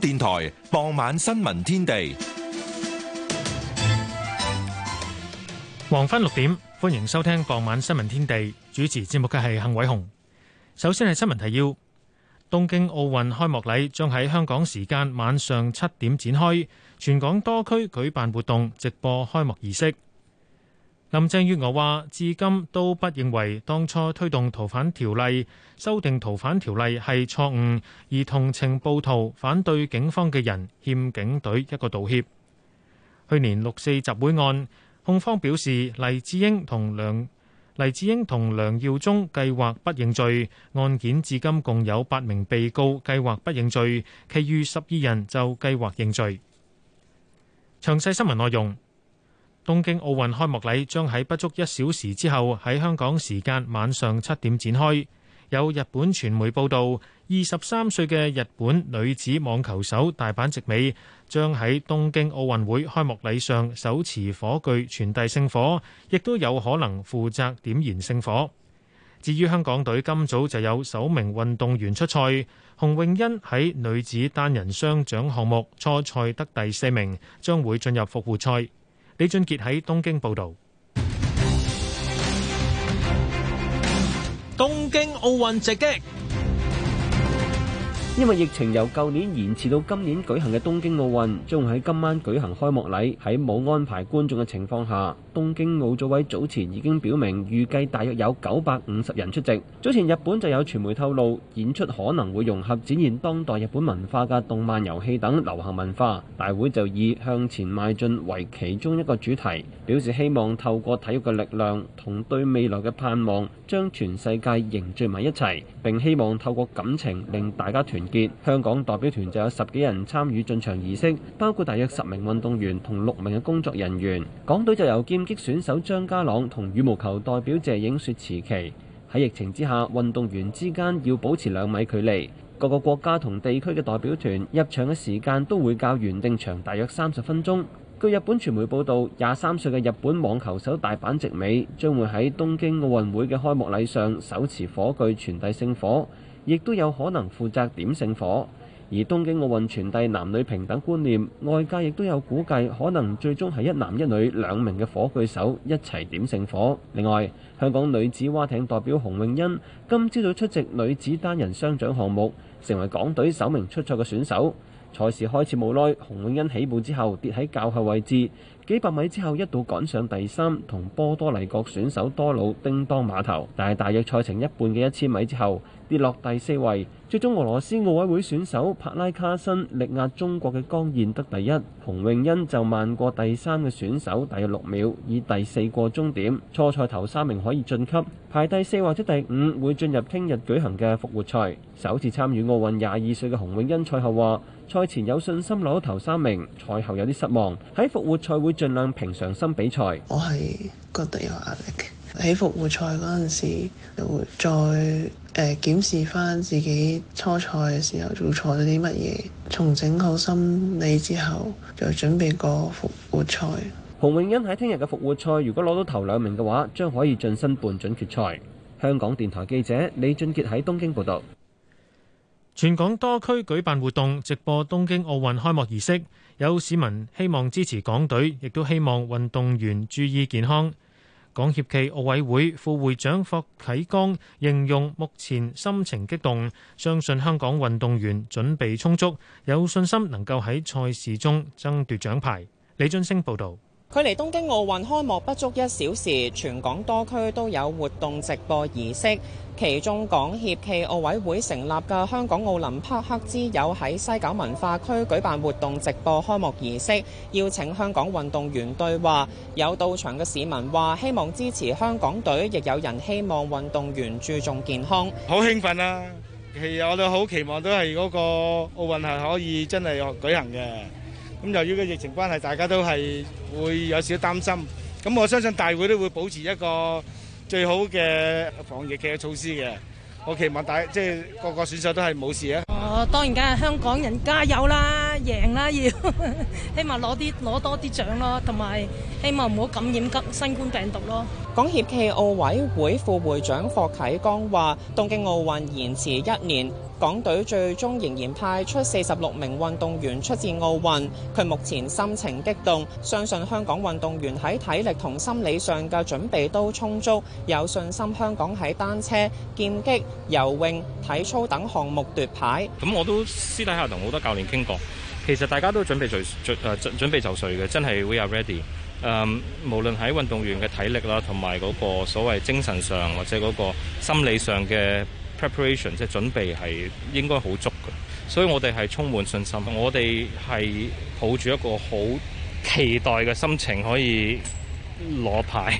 電台傍晚新聞天地，黃昏六點，歡迎收聽傍晚新聞天地。主持節目嘅係幸偉雄。首先係新聞提要：東京奧運開幕禮將喺香港時間晚上七點展開，全港多區舉辦活動，直播開幕儀式。林鄭月娥話：至今都不認為當初推動逃犯條例、修訂逃犯條例係錯誤，而同情暴徒反對警方嘅人欠警隊一個道歉。去年六四集會案，控方表示黎智英同梁黎智英同梁耀忠計劃不認罪。案件至今共有八名被告計劃不認罪，其餘十二人就計劃認罪。詳細新聞內容。東京奧運開幕禮將喺不足一小時之後，喺香港時間晚上七點展開。有日本傳媒報道，二十三歲嘅日本女子網球手大坂直美將喺東京奧運會開幕禮上手持火炬傳遞聖火，亦都有可能負責點燃聖火。至於香港隊，今早就有首名運動員出賽，洪詠欣喺女子單人雙槳項目初賽得第四名，將會進入復活賽。李俊杰喺東京報道，東京奧運直擊。因為疫情由舊年延遲到今年舉行嘅東京奧運，將會喺今晚舉行開幕禮，喺冇安排觀眾嘅情況下。東京奧組委早前已經表明，預計大約有九百五十人出席。早前日本就有傳媒透露，演出可能會融合展現當代日本文化嘅動漫、遊戲等流行文化。大會就以向前邁進為其中一個主題，表示希望透過體育嘅力量同對未來嘅盼望，將全世界凝聚埋一齊，並希望透過感情令大家團結。香港代表團就有十幾人參與進場儀式，包括大約十名運動員同六名嘅工作人員。港隊就有擊選手張家朗同羽毛球代表謝影雪辭期。喺疫情之下，運動員之間要保持兩米距離。各個國家同地區嘅代表團入場嘅時間都會較原定長大約三十分鐘。據日本傳媒報道，廿三歲嘅日本網球手大阪直美將會喺東京奧運會嘅開幕禮上手持火炬傳遞聖火，亦都有可能負責點聖火。而東京奧運傳遞男女平等觀念，外界亦都有估計，可能最終係一男一女兩名嘅火炬手一齊點聖火。另外，香港女子蛙艇代表洪詠欣今朝早出席女子單人雙槳項目，成為港隊首名出賽嘅選手。賽事開始冇耐，洪詠欣起步之後跌喺較後位置，幾百米之後一度趕上第三同波多黎各選手多魯叮當馬頭，但係大約賽程一半嘅一千米之後跌落第四位。最終俄羅斯奧委會選手帕拉卡申力壓中國嘅江燕得第一，洪永欣就慢過第三嘅選手大約六秒，以第四個終點。初賽頭三名可以晉級，排第四或者第五會進入聽日舉行嘅復活賽。首次參與奧運廿二歲嘅洪永欣賽後話：賽前有信心攞到頭三名，賽後有啲失望。喺復活賽會盡量平常心比賽。我係覺得有壓力，喺復活賽嗰陣時會再。誒檢視翻自己初賽嘅時候做錯咗啲乜嘢，重整好心理之後，就準備個復活賽。洪永恩喺聽日嘅復活賽，如果攞到頭兩名嘅話，將可以進身半準決賽。香港電台記者李俊傑喺東京報導。全港多區舉辦活動直播東京奧運開幕儀式，有市民希望支持港隊，亦都希望運動員注意健康。港協暨奧委會副會長霍啟剛形容目前心情激動，相信香港運動員準備充足，有信心能夠喺賽事中爭奪獎牌。李俊升報導。距離東京奧運開幕不足一小時，全港多區都有活動直播儀式。其中，港協暨奧委會成立嘅香港奧林匹克之友喺西九文化區舉辦活動直播開幕儀式，邀請香港運動員對話。有到場嘅市民話，希望支持香港隊，亦有人希望運動員注重健康。好興奮啊！其實我哋好期望都係嗰個奧運係可以真係舉行嘅。咁由於個疫情關係，大家都係會有少少擔心。咁我相信大會都會保持一個最好嘅防疫嘅措施嘅。我期望大即係個個選手都係冇事啊！哦，當然梗係，香港人加油啦，贏啦要！希望攞啲攞多啲獎咯，同埋希望唔好感染緊新冠病毒咯。港協暨奧委會副會長霍啟剛話，東京奧運延遲一年。港隊最終仍然派出四十六名運動員出戰奧運，佢目前心情激動，相信香港運動員喺體力同心理上嘅準備都充足，有信心香港喺單車、劍擊、游泳、體操等項目奪牌。咁我都私底下同好多教練傾過，其實大家都準備就就準備就緒嘅，真係會又 ready。誒，無論喺運動員嘅體力啦，同埋嗰個所謂精神上或者嗰個心理上嘅。preparation 即係準備係應該好足嘅，所以我哋係充滿信心，我哋係抱住一個好期待嘅心情，可以攞牌，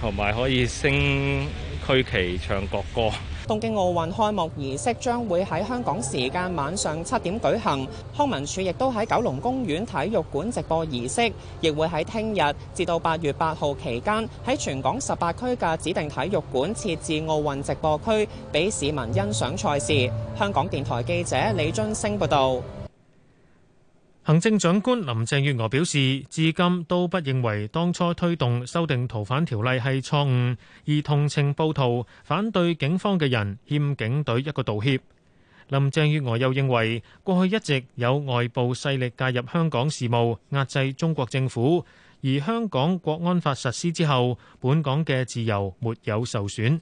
同埋可以升區旗唱國歌。東京奧運開幕儀式將會喺香港時間晚上七點舉行，康文署亦都喺九龍公園體育館直播儀式，亦會喺聽日至到八月八號期間喺全港十八區嘅指定體育館設置奧運直播區，俾市民欣賞賽事。香港電台記者李津升報道。行政長官林鄭月娥表示，至今都不認為當初推動修訂逃犯條例係錯誤，而同情暴徒，反對警方嘅人欠警隊一個道歉。林鄭月娥又認為，過去一直有外部勢力介入香港事務，壓制中國政府，而香港國安法實施之後，本港嘅自由沒有受損。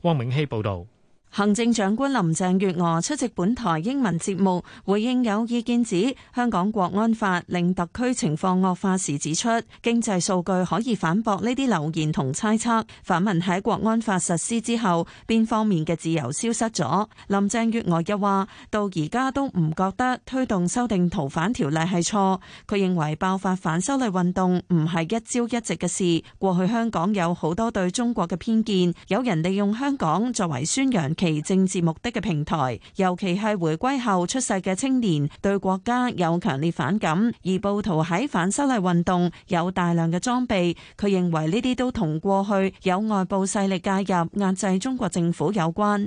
汪明熙報導。行政長官林鄭月娥出席本台英文節目，回應有意見指香港國安法令特區情況惡化時指出，經濟數據可以反駁呢啲流言同猜測。反問喺國安法實施之後，邊方面嘅自由消失咗？林鄭月娥又話，到而家都唔覺得推動修訂逃犯條例係錯。佢認為爆發反修例運動唔係一朝一夕嘅事。過去香港有好多對中國嘅偏見，有人利用香港作為宣揚。其政治目的嘅平台，尤其係回歸後出世嘅青年對國家有強烈反感，而暴徒喺反修例運動有大量嘅裝備。佢認為呢啲都同過去有外部勢力介入壓制中國政府有關。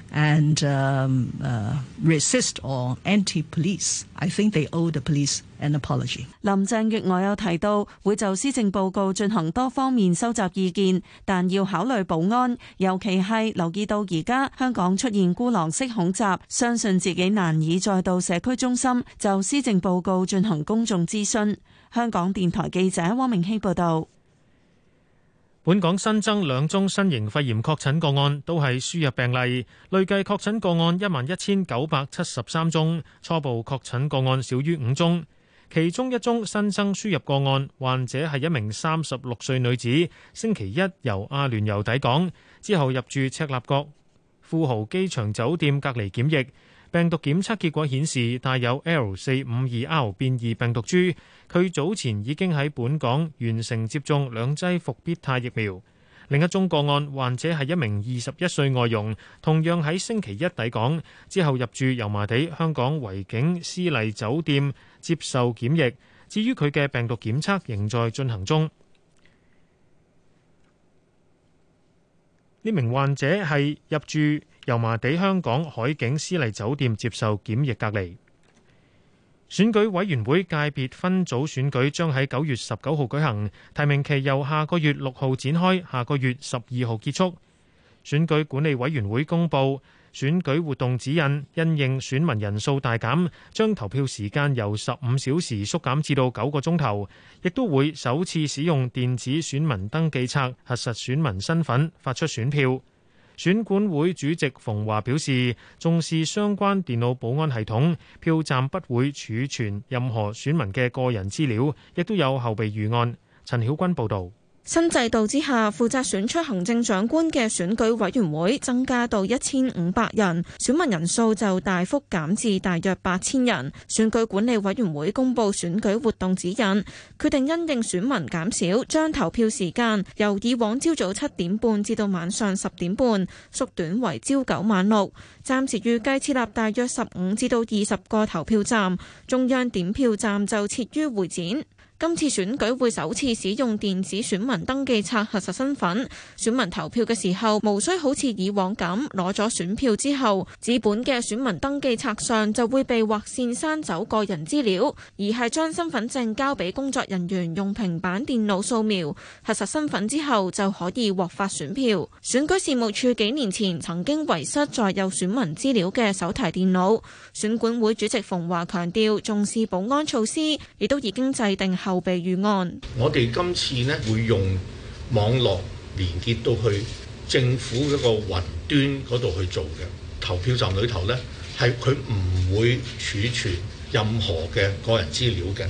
And uh, uh, resist or anti-police，I think they owe the police an apology。林鄭月娥有提到會就施政報告進行多方面收集意見，但要考慮保安，尤其係留意到而家香港出現孤狼式恐襲，相信自己難以再到社區中心就施政報告進行公眾諮詢。香港電台記者汪明熙報道。本港新增兩宗新型肺炎確診個案，都係輸入病例，累計確診個案一萬一千九百七十三宗，初步確診個案少於五宗。其中一宗新增輸入個案，患者係一名三十六歲女子，星期一由阿聯酋抵港，之後入住赤鱲角富豪機場酒店隔離檢疫。病毒檢測結果顯示，帶有 L 四五二 R 變異病毒株，佢早前已經喺本港完成接種兩劑復必泰疫苗。另一宗個案患者係一名二十一歲外傭，同樣喺星期一抵港，之後入住油麻地香港維景絲麗酒店接受檢疫。至於佢嘅病毒檢測仍在進行中。呢名患者係入住。油麻地香港海景絲麗酒店接受檢疫隔離。選舉委員會界別分組選舉將喺九月十九號舉行，提名期由下個月六號展開，下個月十二號結束。選舉管理委員會公布選舉活動指引，因應選民人數大減，將投票時間由十五小時縮減至到九個鐘頭，亦都會首次使用電子選民登記冊核實選民身份，發出選票。選管會主席馮華表示，重視相關電腦保安系統，票站不會儲存任何選民嘅個人資料，亦都有後備預案。陳曉君報導。新制度之下，負責選出行政長官嘅選舉委員會增加到一千五百人，選民人數就大幅減至大約八千人。選舉管理委員會公布選舉活動指引，決定因應選民減少，將投票時間由以往朝早七點半至到晚上十點半縮短為朝九晚六。暫時預計設立大約十五至到二十個投票站，中央點票站就設於會展。今次選舉會首次使用電子選民登記冊核實身份，選民投票嘅時候無需好似以往咁攞咗選票之後，紙本嘅選民登記冊上就會被劃線刪走個人資料，而係將身份證交俾工作人員用平板電腦掃描核實身份之後就可以獲發選票。選舉事務處幾年前曾經遺失載有選民資料嘅手提電腦，選管會主席馮驊強調重視保安措施，亦都已經制定後後備預案，我哋今次咧會用網絡連接到去政府一個雲端嗰度去做嘅，投票站裏頭咧，係佢唔會儲存任何嘅個人資料嘅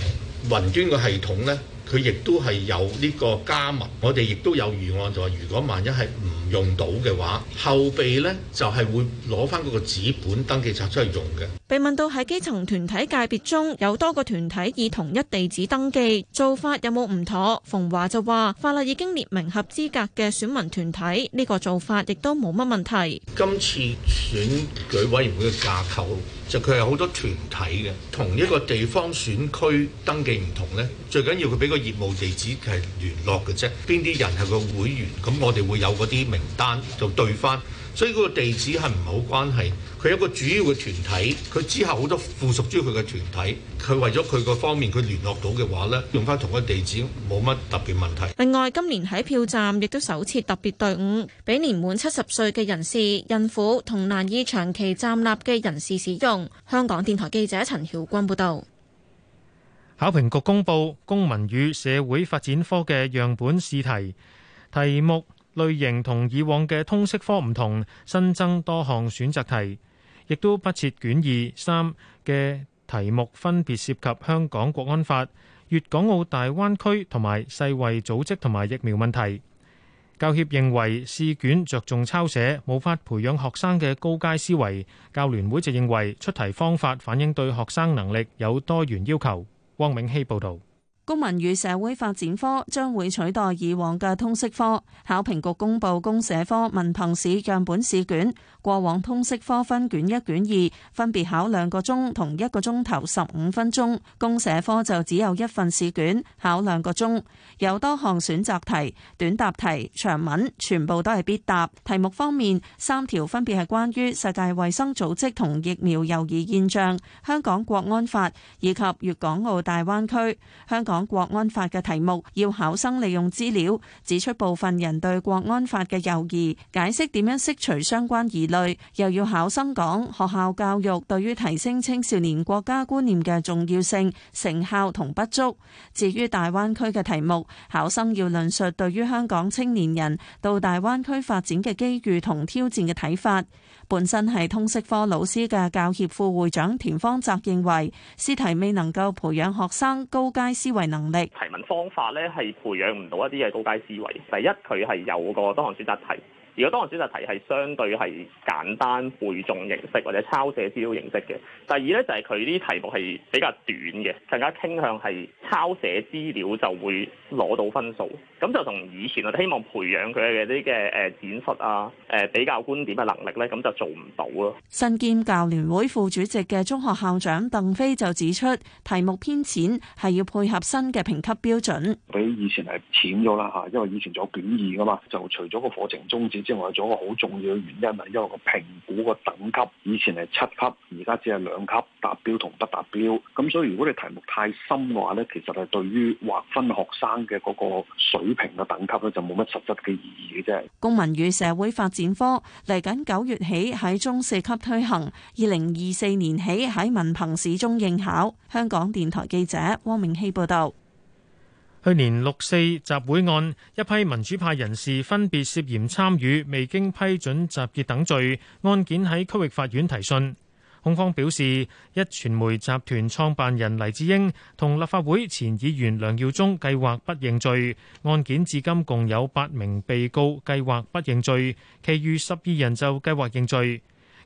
雲端個系統咧。佢亦都係有呢個加密，我哋亦都有預案，就話如果萬一係唔用到嘅話，後備呢就係會攞翻嗰個紙本登記冊出嚟用嘅。被問到喺基層團體界別中有多個團體以同一地址登記，做法有冇唔妥？馮華就話：法律已經列明合資格嘅選民團體，呢個做法亦都冇乜問題。今次選舉委員會嘅架構。就佢係好多團體嘅，同一個地方選區登記唔同咧，最緊要佢俾個業務地址係聯絡嘅啫，邊啲人係個會員，咁我哋會有嗰啲名單就對翻，所以嗰個地址係唔好關係。佢一個主要嘅團體，佢之後好多附屬於佢嘅團體，佢為咗佢個方面，佢聯絡到嘅話呢，用翻同一個地址，冇乜特別問題。另外，今年喺票站亦都首次特別隊伍，俾年滿七十歲嘅人士、孕婦同難以長期站立嘅人士使用。香港電台記者陳曉君報導。考評局公布公民與社會發展科嘅樣本試題，題目類型同以往嘅通識科唔同，新增多項選擇題。亦都不設卷二、三嘅題目，分別涉及香港國安法、粵港澳大灣區同埋世衛組織同埋疫苗問題，教協認為試卷着重抄寫，無法培養學生嘅高階思維，教聯會就認為出題方法反映對學生能力有多元要求。汪永希報道。公民與社會發展科將會取代以往嘅通識科，考評局公布公社科文憑試樣本試卷。過往通識科分卷一卷二，分別考兩個鐘同一個鐘頭十五分鐘，公社科就只有一份試卷，考兩個鐘，有多項選擇題、短答題、長文，全部都係必答。題目方面，三條分別係關於世界衛生組織同疫苗猶豫現象、香港國安法以及粵港澳大灣區，香港。講國安法嘅題目，要考生利用資料指出部分人對國安法嘅猶疑，解釋點樣釋除相關疑慮，又要考生講學校教育對於提升青少年國家觀念嘅重要性、成效同不足。至於大灣區嘅題目，考生要論述對於香港青年人到大灣區發展嘅機遇同挑戰嘅睇法。本身係通識科老師嘅教協副會長田方澤認為，試題未能夠培養學生高階思維。能力提問方法咧，係培養唔到一啲嘅高階思維。第一，佢係有個多項選擇題。如果當日選擇題係相對係簡單背誦形式或者抄寫資料形式嘅，第二咧就係佢啲題目係比較短嘅，更加傾向係抄寫資料就會攞到分數。咁就同以前我哋希望培養佢嘅啲嘅誒展述啊誒比較觀點嘅能力咧，咁就做唔到咯。身兼教聯會副主席嘅中學校長鄧飛就指出，題目偏淺係要配合新嘅評級標準，比以前係淺咗啦嚇，因為以前仲有卷二噶嘛，就除咗個課程終止。另外，咗個好重要嘅原因係因為個評估個等級以前係七級，而家只係兩級，達標同不達標。咁所以如果你題目太深嘅話呢，其實係對於劃分學生嘅嗰個水平嘅等級咧，就冇乜實質嘅意義嘅啫。公民與社會發展科嚟緊九月起喺中四級推行，二零二四年起喺文憑試中應考。香港電台記者汪明希報道。去年六四集會案，一批民主派人士分別涉嫌參與未經批准集結等罪，案件喺區域法院提訊。控方表示，壹傳媒集團創辦人黎智英同立法會前議員梁耀忠計劃不認罪。案件至今共有八名被告計劃不認罪，其餘十二人就計劃認罪。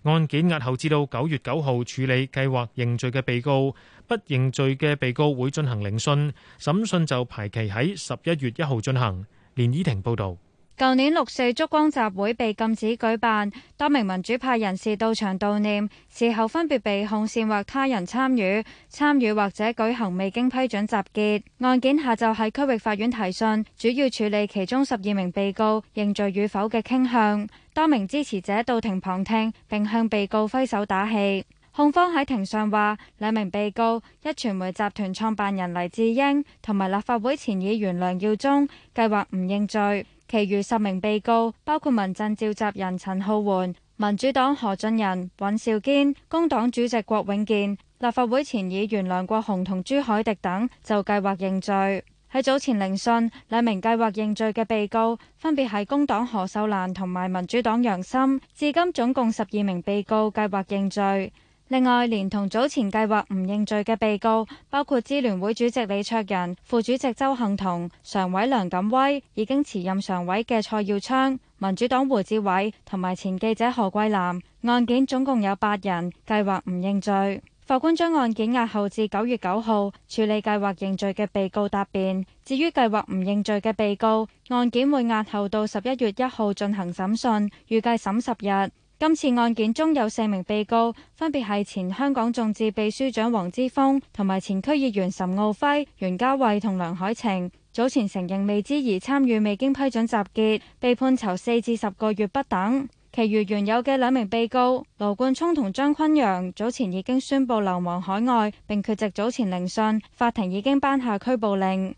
案件押後至到九月九號處理，計劃認罪嘅被告，不認罪嘅被告會進行聆訊，審訊就排期喺十一月一號進行。連依婷報道。舊年六四燭光集會被禁止舉辦，多名民主派人士到場悼念，事後分別被控煽惑他人參與、參與或者舉行未經批准集結。案件下晝喺區域法院提訊，主要處理其中十二名被告認罪與否嘅傾向。多名支持者到庭旁聽，並向被告揮手打氣。控方喺庭上話，兩名被告壹傳媒集團創辦人黎智英同埋立法會前議員梁耀忠計劃唔認罪。其餘十名被告，包括民陣召集人陳浩桓、民主黨何俊仁、尹兆堅、工黨主席郭永健、立法會前議員梁國雄同朱凱廸等，就計劃認罪。喺早前聆訊，兩名計劃認罪嘅被告，分別係工黨何秀蘭同埋民主黨楊森。至今總共十二名被告計劃認罪。另外，連同早前計劃唔認罪嘅被告，包括支聯會主席李卓人、副主席周幸彤、常委梁錦威，已經辭任常委嘅蔡耀昌、民主黨胡志偉同埋前記者何桂南，案件總共有八人計劃唔認罪。法官將案件押後至九月九號處理計劃認罪嘅被告答辯，至於計劃唔認罪嘅被告，案件會押後到十一月一號進行審訊，預計審十日。今次案件中有四名被告，分別係前香港眾志秘書長黃之鋒，同埋前區議員岑敖暉、袁嘉蔚同梁海晴。早前承認未知而參與未經批准集結，被判囚四至十個月不等。其餘原有嘅兩名被告羅冠聰同張崑陽，早前已經宣佈流亡海外並缺席，早前聆訊法庭已經頒下拘捕令。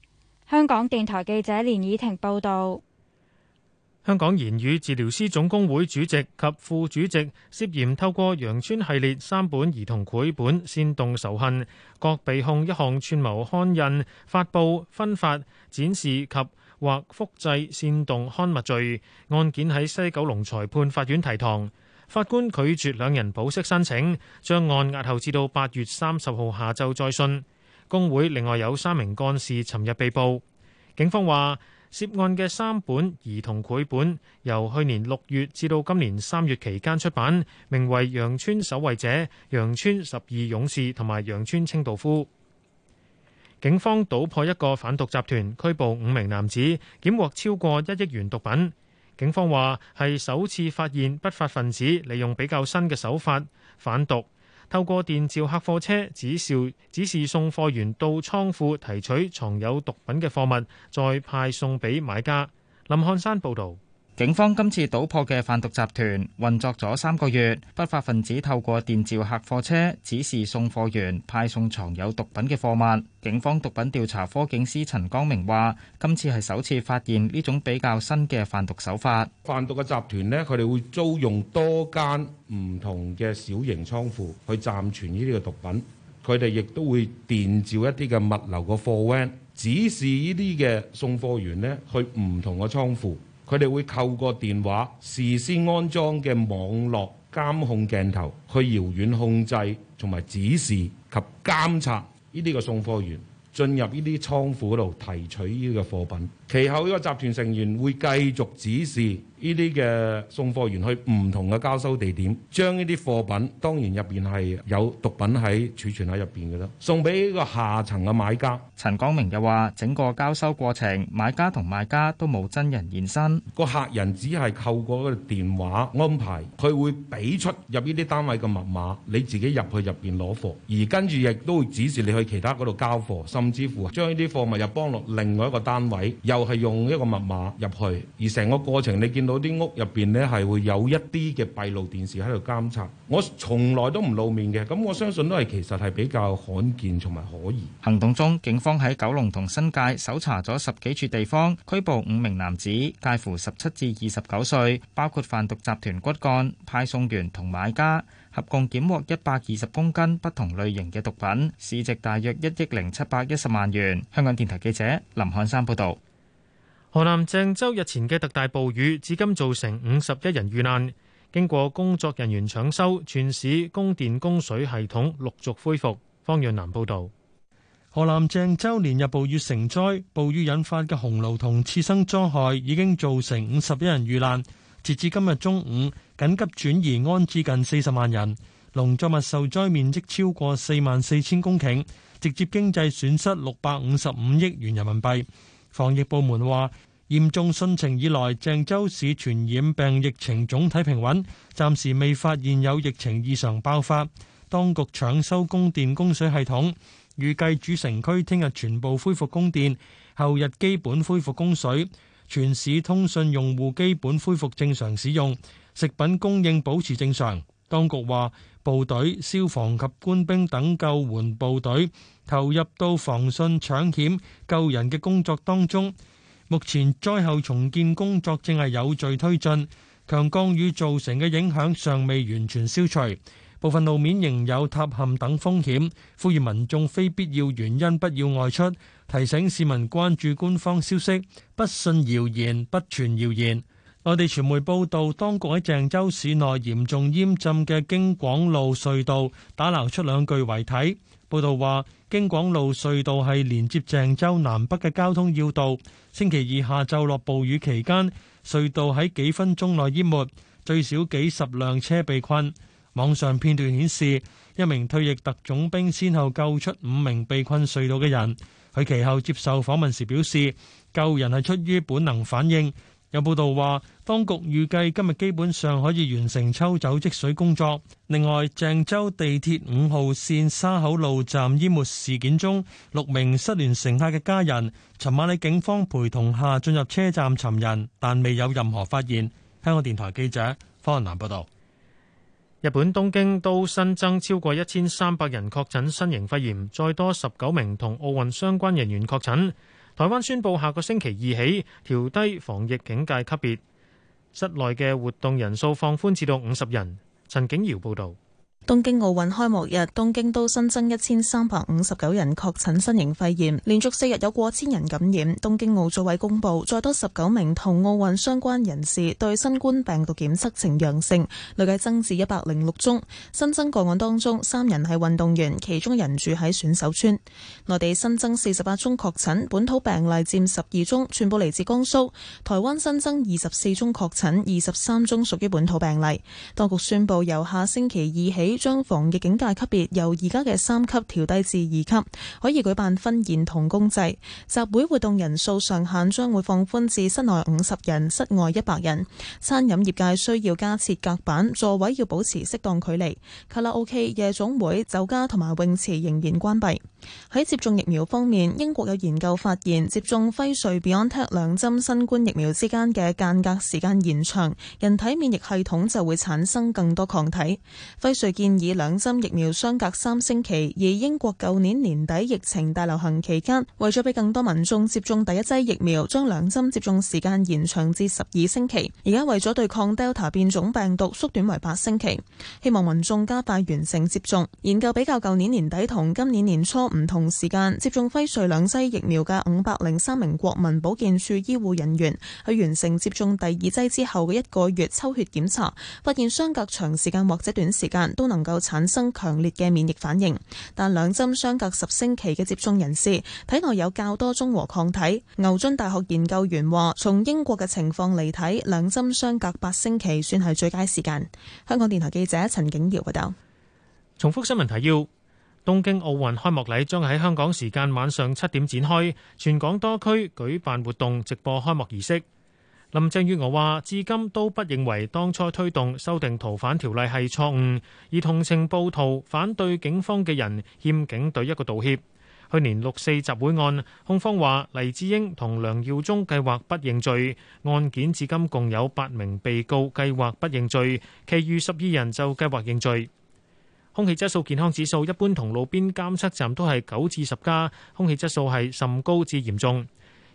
香港電台記者連倚婷報道。香港言語治療師總工會主席及副主席涉嫌透過羊村系列三本兒童繪本煽動仇恨，各被控一項串謀刊印、發佈、分發、展示及或複製煽動刊物罪。案件喺西九龍裁判法院提堂，法官拒絕兩人保釋申請，將案押後至到八月三十號下晝再訊。工會另外有三名幹事尋日被捕，警方話。涉案嘅三本兒童繪本由去年六月至到今年三月期間出版，名為《羊村守衛者》、《羊村十二勇士》同埋《羊村清道夫》。警方搗破一個販毒集團，拘捕五名男子，檢獲超過一億元毒品。警方話，係首次發現不法分子利用比較新嘅手法販毒。透過電召客貨車，指示指示送貨員到倉庫提取藏有毒品嘅貨物，再派送俾買家。林漢山報導。警方今次搗破嘅販毒集團運作咗三個月，不法分子透過電召客貨車指示送貨員派送藏有毒品嘅貨物。警方毒品調查科警司陳光明話，今次係首次發現呢種比較新嘅販毒手法。販毒嘅集團咧，佢哋會租用多間唔同嘅小型倉庫去暫存呢啲嘅毒品。佢哋亦都會電召一啲嘅物流嘅貨 van 指示呢啲嘅送貨員咧去唔同嘅倉庫。佢哋會透過電話事先安裝嘅網絡監控鏡頭，去遙遠控制同埋指示及監察呢啲個送貨員。進入呢啲倉庫嗰度提取呢個貨品，其後呢個集團成員會繼續指示呢啲嘅送貨員去唔同嘅交收地點，將呢啲貨品當然入邊係有毒品喺儲存喺入邊嘅啦，送俾呢個下層嘅買家。陳光明又話：整個交收過程，買家同賣家都冇真人現身，個客人只係透過個電話安排，佢會俾出入呢啲單位嘅密碼，你自己入去入邊攞貨，而跟住亦都會指示你去其他嗰度交貨，支付啊，將呢啲貨物又幫落另外一個單位，又係用一個密碼入去，而成個過程你見到啲屋入邊呢係會有一啲嘅閉路電視喺度監察，我從來都唔露面嘅，咁我相信都係其實係比較罕見同埋可疑。行動中，警方喺九龍同新界搜查咗十幾處地方，拘捕五名男子，介乎十七至二十九歲，包括販毒集團骨幹、派送員同買家。合共檢獲一百二十公斤不同類型嘅毒品，市值大約一億零七百一十萬元。香港電台記者林漢山報導。河南鄭州日前嘅特大暴雨，至今造成五十一人遇難。經過工作人員搶修，全市供電供水系統陸續恢復。方潤南報導。河南鄭州連日暴雨成災，暴雨引發嘅洪澇同次生災害已經造成五十一人遇難。截至今日中午，緊急轉移安置近四十萬人。農作物受災面積超過四萬四千公頃，直接經濟損失六百五十五億元人民幣。防疫部門話，嚴重汛情以來，鄭州市傳染病疫情總體平穩，暫時未發現有疫情異常爆發。當局搶修供電供水系統，預計主城區聽日全部恢復供電，後日基本恢復供水。全市通信用戶基本恢復正常使用，食品供應保持正常。當局話，部隊、消防及官兵等救援部隊投入到防汛搶險、救人嘅工作當中。目前災後重建工作正係有序推進，強降雨造成嘅影響尚未完全消除，部分路面仍有塌陷等風險，呼籲民眾非必要原因不要外出。提醒市民關注官方消息，不信謠言，不傳謠言。內地傳媒報道，當局喺鄭州市內嚴重淹浸嘅京廣路隧道打撈出兩具遺體。報道話，京廣路隧道係連接鄭州南北嘅交通要道。星期二下晝落暴雨期間，隧道喺幾分鐘內淹沒，最少幾十輛車被困。網上片段顯示，一名退役特種兵先後救出五名被困隧道嘅人。佢其後接受訪問時表示，救人係出於本能反應。有報道話，當局預計今日基本上可以完成抽走積水工作。另外，鄭州地鐵五號線沙口路站淹沒事件中，六名失聯乘客嘅家人，尋晚喺警方陪同下進入車站尋人，但未有任何發現。香港電台記者方雲南報道。日本東京都新增超過一千三百人確診新型肺炎，再多十九名同奧運相關人員確診。台灣宣布下個星期二起調低防疫警戒級別，室內嘅活動人數放寬至到五十人。陳景瑤報道。東京奧運開幕日，東京都新增一千三百五十九人確診新型肺炎，連續四日有過千人感染。東京奧組委公布，再多十九名同奧運相關人士對新冠病毒檢測呈陽性，累計增至一百零六宗。新增個案當中，三人係運動員，其中人住喺選手村。內地新增四十八宗確診，本土病例佔十二宗，全部嚟自江蘇。台灣新增二十四宗確診，二十三宗屬於本土病例。當局宣布由下星期二起，將防疫警戒級別由而家嘅三級調低至二級，可以舉辦婚宴同公祭，集會活動人數上限將會放寬至室內五十人，室外一百人。餐飲業界需要加設隔板，座位要保持適當距離。卡拉 OK、夜總會、酒家同埋泳池仍然關閉。喺接種疫苗方面，英國有研究發現，接種輝瑞、BioNTech 兩針新冠疫苗之間嘅間隔時間延長，人體免疫系統就會產生更多抗體。輝瑞健建議兩針疫苗相隔三星期，而英國舊年年底疫情大流行期間，為咗俾更多民眾接種第一劑疫苗，將兩針接種時間延長至十二星期。而家為咗對抗 Delta 變種病毒，縮短為八星期。希望民眾加快完成接種。研究比較舊年年底同今年年初唔同時間接種輝瑞兩劑疫苗嘅五百零三名國民保健署醫護人員，去完成接種第二劑之後嘅一個月抽血檢查，發現相隔長時間或者短時間都能。能夠產生強烈嘅免疫反應，但兩針相隔十星期嘅接種人士，體內有較多中和抗體。牛津大學研究員話，從英國嘅情況嚟睇，兩針相隔八星期算係最佳時間。香港電台記者陳景堯報道。重複新聞提要：東京奧運開幕禮將喺香港時間晚上七點展開，全港多區舉辦活動直播開幕儀式。林鄭月娥話：至今都不認為當初推動修訂逃犯條例係錯誤，而同情暴徒反對警方嘅人，欠警隊一個道歉。去年六四集會案，控方話黎智英同梁耀忠計劃不認罪，案件至今共有八名被告計劃不認罪，其餘十二人就計劃認罪。空氣質素健康指數一般，同路邊監測站都係九至十加，空氣質素係甚高至嚴重。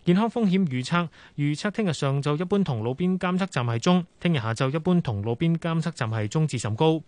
健康風險預測，預測聽日上晝一般同路邊監測站係中，聽日下晝一般同路邊監測站係中至甚高。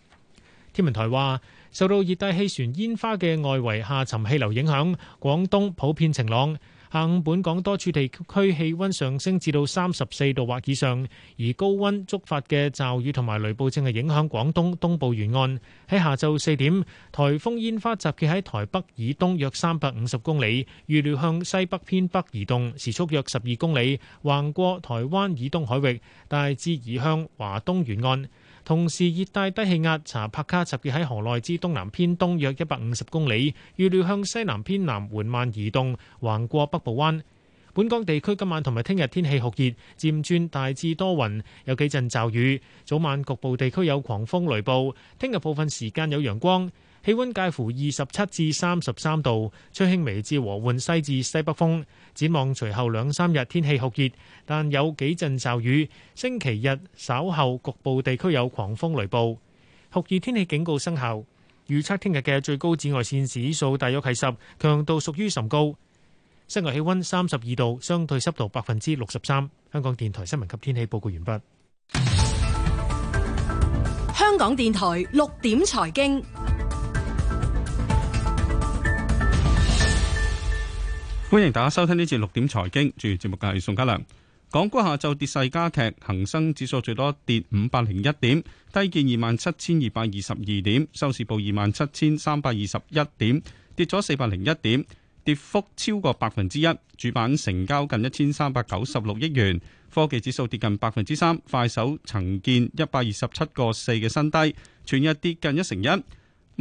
天文台話，受到熱帶氣旋煙花嘅外圍下沉氣流影響，廣東普遍晴朗。下午，本港多處地區氣温上升至到三十四度或以上，而高温觸發嘅驟雨同埋雷暴正係影響廣東東部沿岸。喺下晝四點，颱風煙花集結喺台北以東約三百五十公里，預料向西北偏北移動，時速約十二公里，橫過台灣以東海域，大致移向華東沿岸。同時，熱帶低氣壓查帕卡集結喺河內之東南偏東約一百五十公里，預料向西南偏南緩慢移動，橫過北部灣。本港地區今晚同埋聽日天氣酷熱，漸轉大致多雲，有幾陣驟雨。早晚局部地區有狂風雷暴，聽日部分時間有陽光。氣溫介乎二十七至三十三度，吹輕微至和緩西至西北風。展望隨後兩三日天氣酷熱，但有幾陣驟雨。星期日稍後局部地區有狂風雷暴。酷熱天氣警告生效。預測聽日嘅最高紫外線指數大約係十，強度屬於甚高。室外氣溫三十二度，相對濕度百分之六十三。香港電台新聞及天氣報告完畢。香港電台六點財經。歡迎大家收聽呢節六點財經，主持節目嘅係宋嘉良。港股下晝跌勢加劇，恒生指數最多跌五百零一點，低見二萬七千二百二十二點，收市報二萬七千三百二十一點，跌咗四百零一點，跌幅超過百分之一。主板成交近一千三百九十六億元，科技指數跌近百分之三，快手曾見一百二十七個四嘅新低，全日跌近一成一。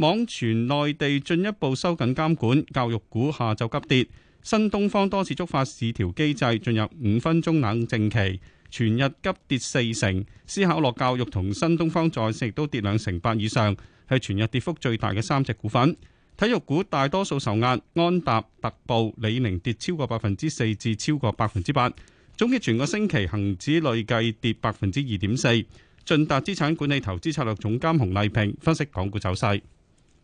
網傳內地進一步收緊監管，教育股下晝急跌。新東方多次觸發市調機制，進入五分鐘冷靜期，全日急跌四成。思考樂教育同新東方在線都跌兩成八以上，係全日跌幅最大嘅三隻股份。體育股大多數受壓，安踏、特步、李寧跌超過百分之四至超過百分之八。總結全個星期，恒指累計跌百分之二點四。進達資產管理投資策略總監洪麗萍分析港股走勢。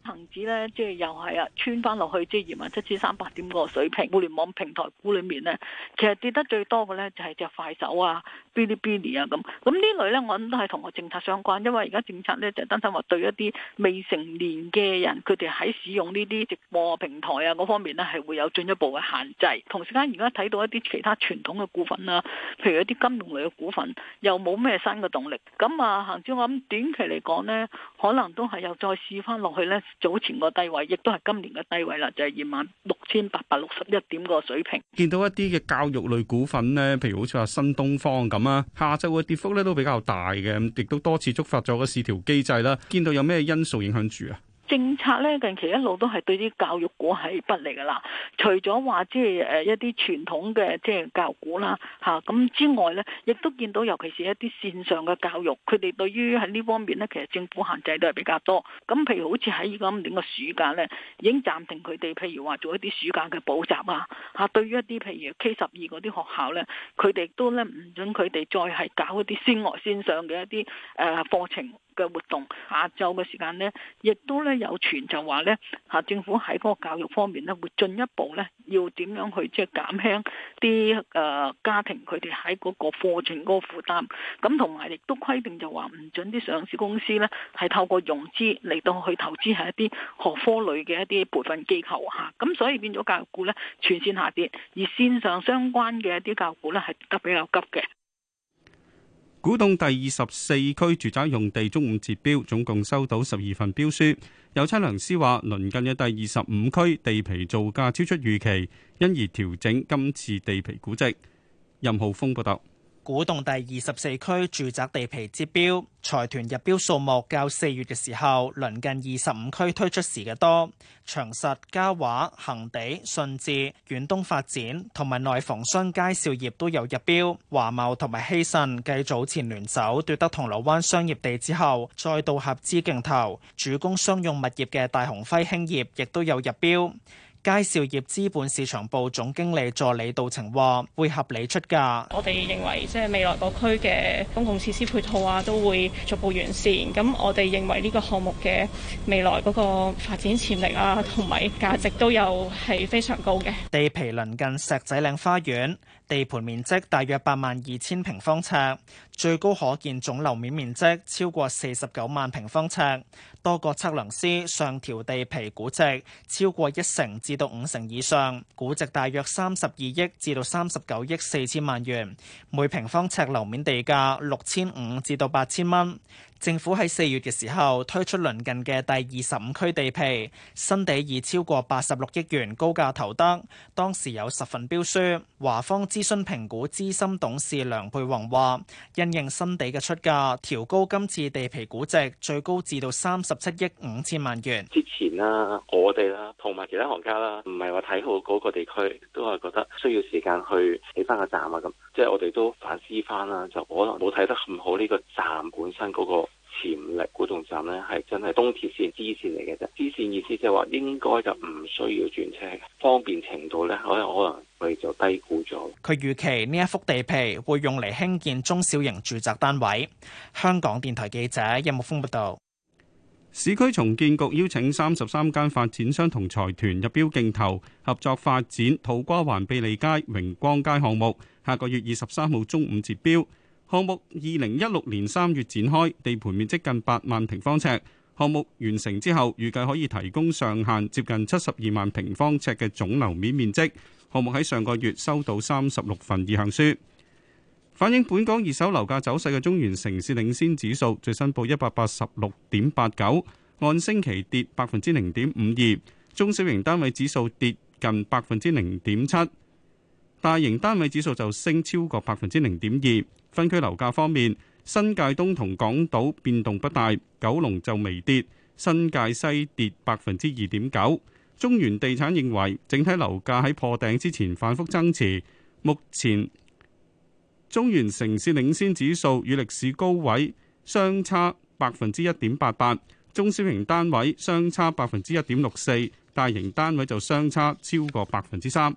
恒指咧，即係又係啊，穿翻落去即係二萬七千三百點個水平。互聯網平台股裏面咧，其實跌得最多嘅咧就係隻快手啊。Bilibili 啊，咁，咁呢類呢，我諗都係同個政策相關，因為而家政策呢，就單單話，對一啲未成年嘅人，佢哋喺使用呢啲直播平台啊嗰方面呢，係會有進一步嘅限制。同時間而家睇到一啲其他傳統嘅股份啦，譬如一啲金融類嘅股份又冇咩新嘅動力。咁啊，恒指我諗短期嚟講呢，可能都係又再試翻落去呢。早前個低位，亦都係今年嘅低位啦，就係二萬六千八百六十一點個水平。見到一啲嘅教育類股份呢，譬如好似話新東方咁。咁啊、嗯，下晝嘅跌幅咧都比較大嘅，亦都多次觸發咗個市調機制啦。見到有咩因素影響住啊？政策咧近期一路都係對啲教育股係不利㗎啦，除咗話即係誒一啲傳統嘅即係教育股啦，嚇咁之外咧，亦都見到，尤其是一啲線上嘅教育，佢哋對於喺呢方面咧，其實政府限制都係比較多。咁譬如好似喺家咁年嘅暑假咧，已經暫停佢哋，譬如話做一啲暑假嘅補習啊，嚇對於一啲譬如 K 十二嗰啲學校咧，佢哋都咧唔准佢哋再係搞一啲先外線上嘅一啲誒課程。嘅活動，下晝嘅時間呢，亦都咧有傳就話呢，吓政府喺嗰個教育方面呢，會進一步呢，要點樣去即係減輕啲誒家庭佢哋喺嗰個課程嗰個負擔。咁同埋亦都規定就話唔准啲上市公司呢，係透過融資嚟到去投資係一啲學科類嘅一啲培訓機構吓。咁所以變咗教育股呢，全線下跌，而線上相關嘅一啲教育股呢，係跌得比較急嘅。古洞第二十四區住宅用地中午截標，總共收到十二份標書。有測量師話，鄰近嘅第二十五區地皮造價超出預期，因而調整今次地皮估值。任浩峰報道。古洞第二十四區住宅地皮截標，財團入標數目較四月嘅時候，鄰近二十五區推出時嘅多。長實、嘉華、恒地、信置、遠東發展同埋內房商佳兆業都有入標。華懋同埋希慎繼早前聯手奪得銅鑼灣商業地之後，再度合資競投。主攻商用物業嘅大鴻輝興業亦都有入標。佳兆業資本市場部總經理助理杜晴話：會合理出價。我哋認為即係未來嗰區嘅公共設施配套啊，都會逐步完善。咁我哋認為呢個項目嘅未來嗰個發展潛力啊，同埋價值都有係非常高嘅。地皮鄰近石仔嶺花園，地盤面積大約八萬二千平方尺，最高可建總樓面面積超過四十九萬平方尺。多個測量師上調地皮估值，超過一成至到五成以上，估值大約三十二億至到三十九億四千萬元，每平方尺樓面地價六千五至到八千蚊。政府喺四月嘅時候推出鄰近嘅第二十五區地皮，新地以超過八十六億元高價投得，當時有十份標書。華方諮詢評估資深董事梁佩宏話，因應新地嘅出價調高今次地皮估值，最高至到三十七億五千萬元。之前啦，我哋啦，同埋其他行家啦，唔係話睇好嗰個地區，都係覺得需要時間去起翻個站啊！咁即係我哋都反思翻啦，就可能冇睇得咁好呢個站本身嗰個。潛力，古洞站呢係真係東鐵線支線嚟嘅啫。支線意思就係話，應該就唔需要轉車，方便程度呢，可能可能我哋就低估咗。佢預期呢一幅地皮會用嚟興建中小型住宅單位。香港電台記者任木峯報道。市區重建局邀請三十三間發展商同財團入標競投，合作發展土瓜灣庇利街榮光街項目，下個月二十三號中午截標。項目二零一六年三月展開，地盤面積近八萬平方尺。項目完成之後，預計可以提供上限接近七十二萬平方尺嘅總樓面面積。項目喺上個月收到三十六份意向書，反映本港二手樓價走勢嘅中原城市領先指數最新報一百八十六點八九，按星期跌百分之零點五二，中小型單位指數跌近百分之零點七。大型單位指數就升超過百分之零點二。分區樓價方面，新界東同港島變動不大，九龍就微跌，新界西跌百分之二點九。中原地產認為整體樓價喺破頂之前反覆增持，目前中原城市領先指數與歷史高位相差百分之一點八八，中小型單位相差百分之一點六四，大型單位就相差超過百分之三。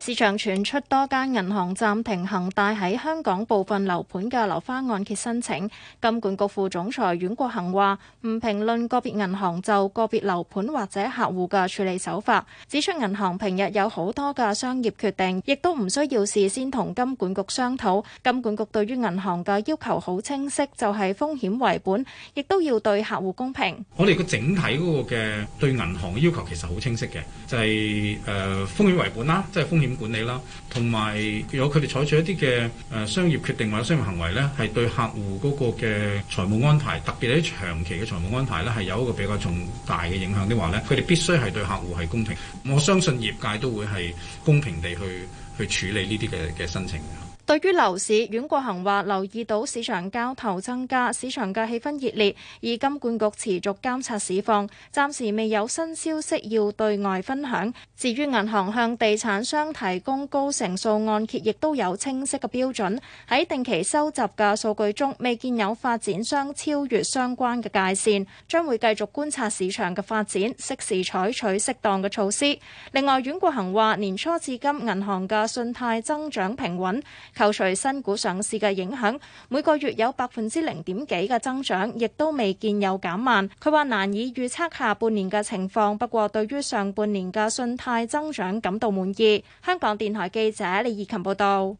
市場傳出多間銀行暫停恒大喺香港部分樓盤嘅樓花按揭申請。金管局副總裁阮國恆話：唔評論個別銀行就個別樓盤或者客戶嘅處理手法。指出銀行平日有好多嘅商業決定，亦都唔需要事先同金管局商討。金管局對於銀行嘅要求好清晰，就係、是、風險為本，亦都要對客戶公平。我哋個整體嗰個嘅對銀行嘅要求其實好清晰嘅，就係、是、誒、呃、風險為本啦，即係風險。管理啦，同埋如果佢哋採取一啲嘅誒商業決定或者商業行為咧，係對客戶嗰個嘅財務安排，特別係長期嘅財務安排咧，係有一個比較重大嘅影響的話咧，佢哋必須係對客戶係公平。我相信業界都會係公平地去去處理呢啲嘅嘅申請。對於樓市，阮國恒話留意到市場交投增加，市場嘅氣氛熱烈，而金管局持續監察市況，暫時未有新消息要對外分享。至於銀行向地產商提供高成數按揭，亦都有清晰嘅標準。喺定期收集嘅數據中，未見有發展商超越相關嘅界線，將會繼續觀察市場嘅發展，適時採取適當嘅措施。另外，阮國恒話年初至今，銀行嘅信貸增長平穩。扣除新股上市嘅影響，每個月有百分之零點幾嘅增長，亦都未見有減慢。佢話難以預測下半年嘅情況。不過對於上半年嘅信貸增長感到滿意。香港電台記者李以琴報道。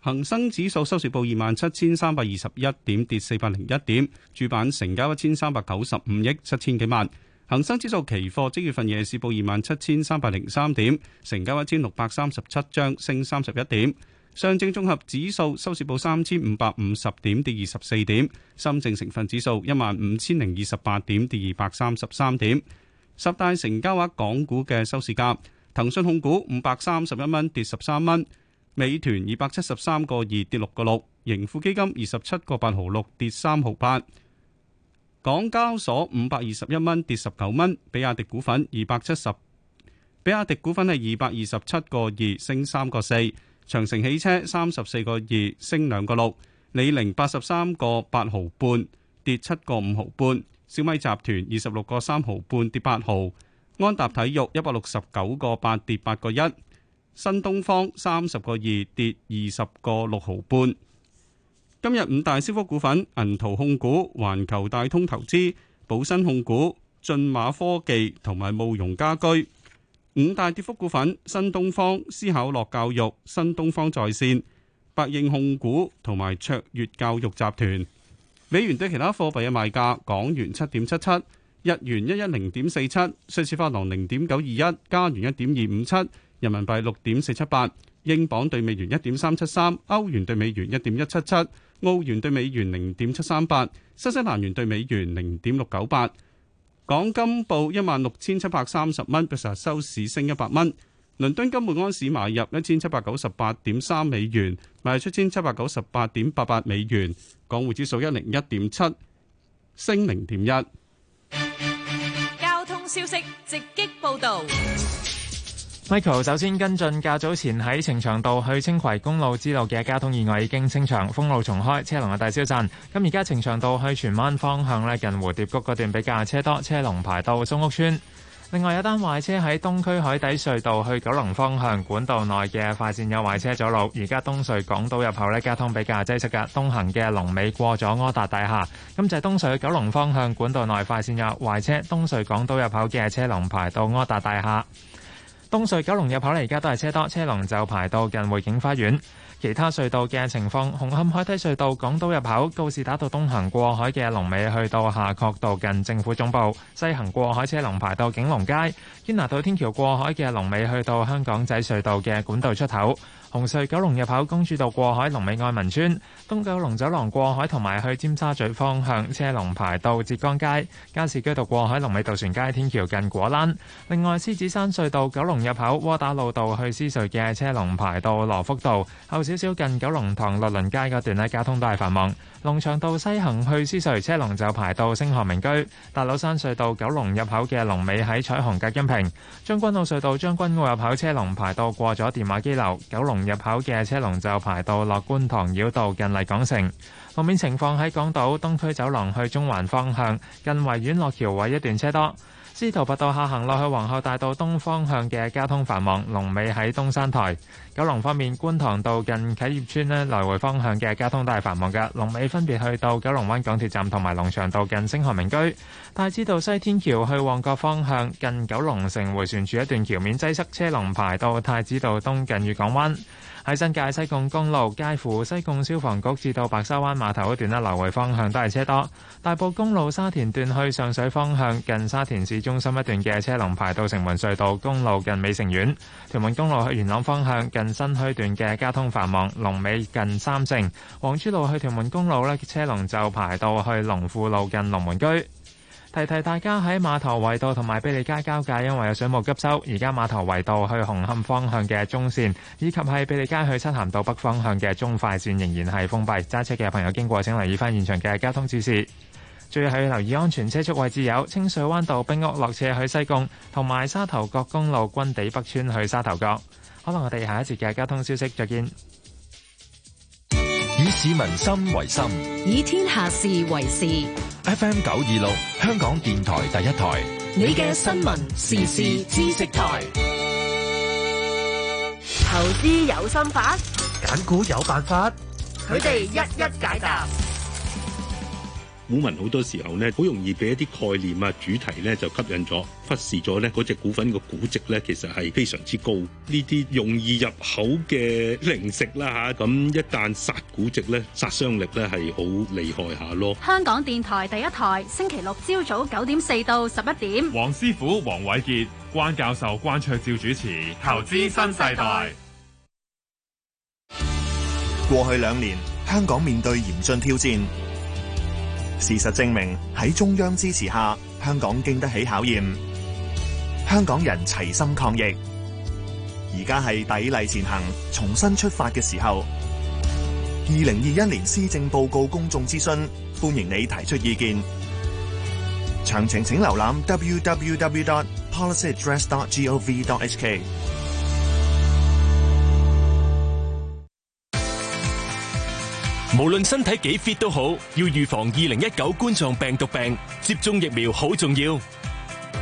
恒生指數收市報二萬七千三百二十一點，跌四百零一點。主板成交一千三百九十五億七千幾萬。恒生指數期貨即月份夜市報二萬七千三百零三點，成交一千六百三十七張，升三十一點。上證綜合指數收市報三千五百五十點，跌二十四點；深證成分指數一萬五千零二十八點，跌二百三十三點。十大成交額港股嘅收市價：騰訊控股五百三十一蚊，跌十三蚊；美團二百七十三個二，跌六個六；盈富基金二十七個八毫六，跌三毫八；港交所五百二十一蚊，跌十九蚊；比亞迪股份二百七十，比亞迪股份係二百二十七個二，升三個四。長城汽車三十四個二升兩個六，李寧八十三個八毫半跌七個五毫半，小米集團二十六個三毫半跌八毫，安踏體育一百六十九個八跌八個一，新東方三十個二跌二十個六毫半。今日五大升幅股份：銀圖控股、環球大通投資、寶新控股、駿馬科技同埋慕容家居。五大跌幅股份：新東方、思考樂教育、新東方在綫、百應控股同埋卓越教育集團。美元對其他貨幣嘅賣價：港元七點七七，日元一一零點四七，瑞士法郎零點九二一，加元一點二五七，人民幣六點四七八，英鎊兌美元一點三七三，歐元兌美元一點一七七，澳元兌美元零點七三八，新西蘭元兌美元零點六九八。港金報一萬六千七百三十蚊，不實收市升一百蚊。倫敦金每安市買入一千七百九十八點三美元，賣出一千七百九十八點八八美元。港匯指數一零一點七，升零點一。交通消息直擊報道。Michael 首先跟進，較早前喺呈祥道去青葵公路支路嘅交通意外已經清場，封路重開，車龍嘅大消散。咁而家呈祥道去荃灣方向呢，近蝴蝶谷嗰段比較車多，車龍排到中屋村。另外有單壞車喺東區海底隧道去九龍方向管道內嘅快線有壞車阻路，而家東隧港島入口呢，交通比較擠塞㗎，東行嘅龍尾過咗柯達大廈。咁就係東隧九龍方向管道內快線有壞車，東隧港島入口嘅車龍排到柯達大廈。東隧九龍入口嚟，而家都係車多，車龍就排到近匯景花園。其他隧道嘅情況，紅磡海底隧道港島入口、告士打道東行過海嘅龍尾去到夏慤道近政府總部；西行過海車龍排到景隆街、堅拿道天橋過海嘅龍尾去到香港仔隧道嘅管道出口。紅隧九龍入口公主道過海，龍尾愛民村；東九龍走廊過海同埋去尖沙咀方向，車龍排到浙江街；加士居道過海龍尾渡船街天橋近果欄。另外，獅子山隧道九龍入口窩打老道去獅隧嘅車龍排到羅福道，後少少近九龍塘律倫街嗰段呢，交通都係繁忙。龍翔道西行去獅隧，車龍就排到星河名居；大老山隧道九龍入口嘅龍尾喺彩虹隔音屏；將軍澳隧道將軍澳入口車龍排到過咗電話機樓；九龍入口嘅車龍就排到落觀塘繞道近麗港城。路面情況喺港島東區走廊去中環方向，近維園落橋位一段車多。司徒拔道下行落去皇后大道東方向嘅交通繁忙，龍尾喺東山台。九龍方面，觀塘道近啟業村呢，來回方向嘅交通都係繁忙㗎，龍尾分別去到九龍灣港鐵站同埋龍翔道近星河明居。太子道西天橋去旺角方向近九龍城回旋處一段橋面擠塞，車龍排到太子道東近御港灣。喺新界西貢公路介乎西貢消防局至到白沙灣碼頭一段呢，來回方向都係車多。大埔公路沙田段去上水方向，近沙田市中心一段嘅車龍排到城門隧道公路近美城苑。屯門公路去元朗方向，近新墟段嘅交通繁忙，龍尾近三成黃珠路去屯門公路呢，車龍就排到去龍富路近龍門居。提提大家喺馬頭圍道同埋庇利街交界，因為有水務急收，而家馬頭圍道去紅磡方向嘅中線，以及係庇利街去漆咸道北方向嘅中快線仍然係封閉。揸車嘅朋友經過，請留意翻現場嘅交通指示。最後要留意安全車速位置有清水灣道冰屋落斜去西貢，同埋沙頭角公路軍地北村去沙頭角。好啦，我哋下一節嘅交通消息再見。以市民心為心，以天下事為事。F M 九二六，26，香港電台第一台，你嘅新聞時事知識台，投資有心法，揀股有辦法，佢哋一一解答。股民好多時候呢，好容易俾一啲概念啊、主題呢就吸引咗，忽視咗呢嗰隻股份嘅估值呢，其實係非常之高。呢啲容易入口嘅零食啦嚇，咁、啊、一旦殺估值呢，殺傷力呢係好厲害下咯。香港電台第一台，星期六朝早九點四到十一點。黃師傅、黃偉傑、關教授、關卓照主持《投資新世代》。過去兩年，香港面對嚴峻挑戰。事實證明，喺中央支持下，香港經得起考驗。香港人齊心抗疫，而家係砥礪前行、重新出發嘅時候。二零二一年施政報告公眾諮詢，歡迎你提出意見。詳情請瀏覽 www.policyaddress.gov.hk。無論身體幾 fit 都好，要預防二零一九冠狀病毒病，接種疫苗好重要。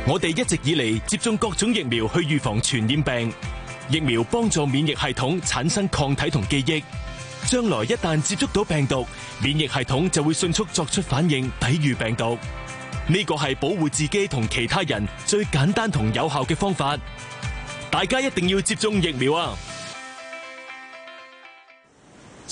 我哋一直以嚟接種各種疫苗去預防傳染病，疫苗幫助免疫系統產生抗體同記憶，將來一旦接觸到病毒，免疫系統就會迅速作出反應，抵禦病毒。呢個係保護自己同其他人最簡單同有效嘅方法，大家一定要接種疫苗啊！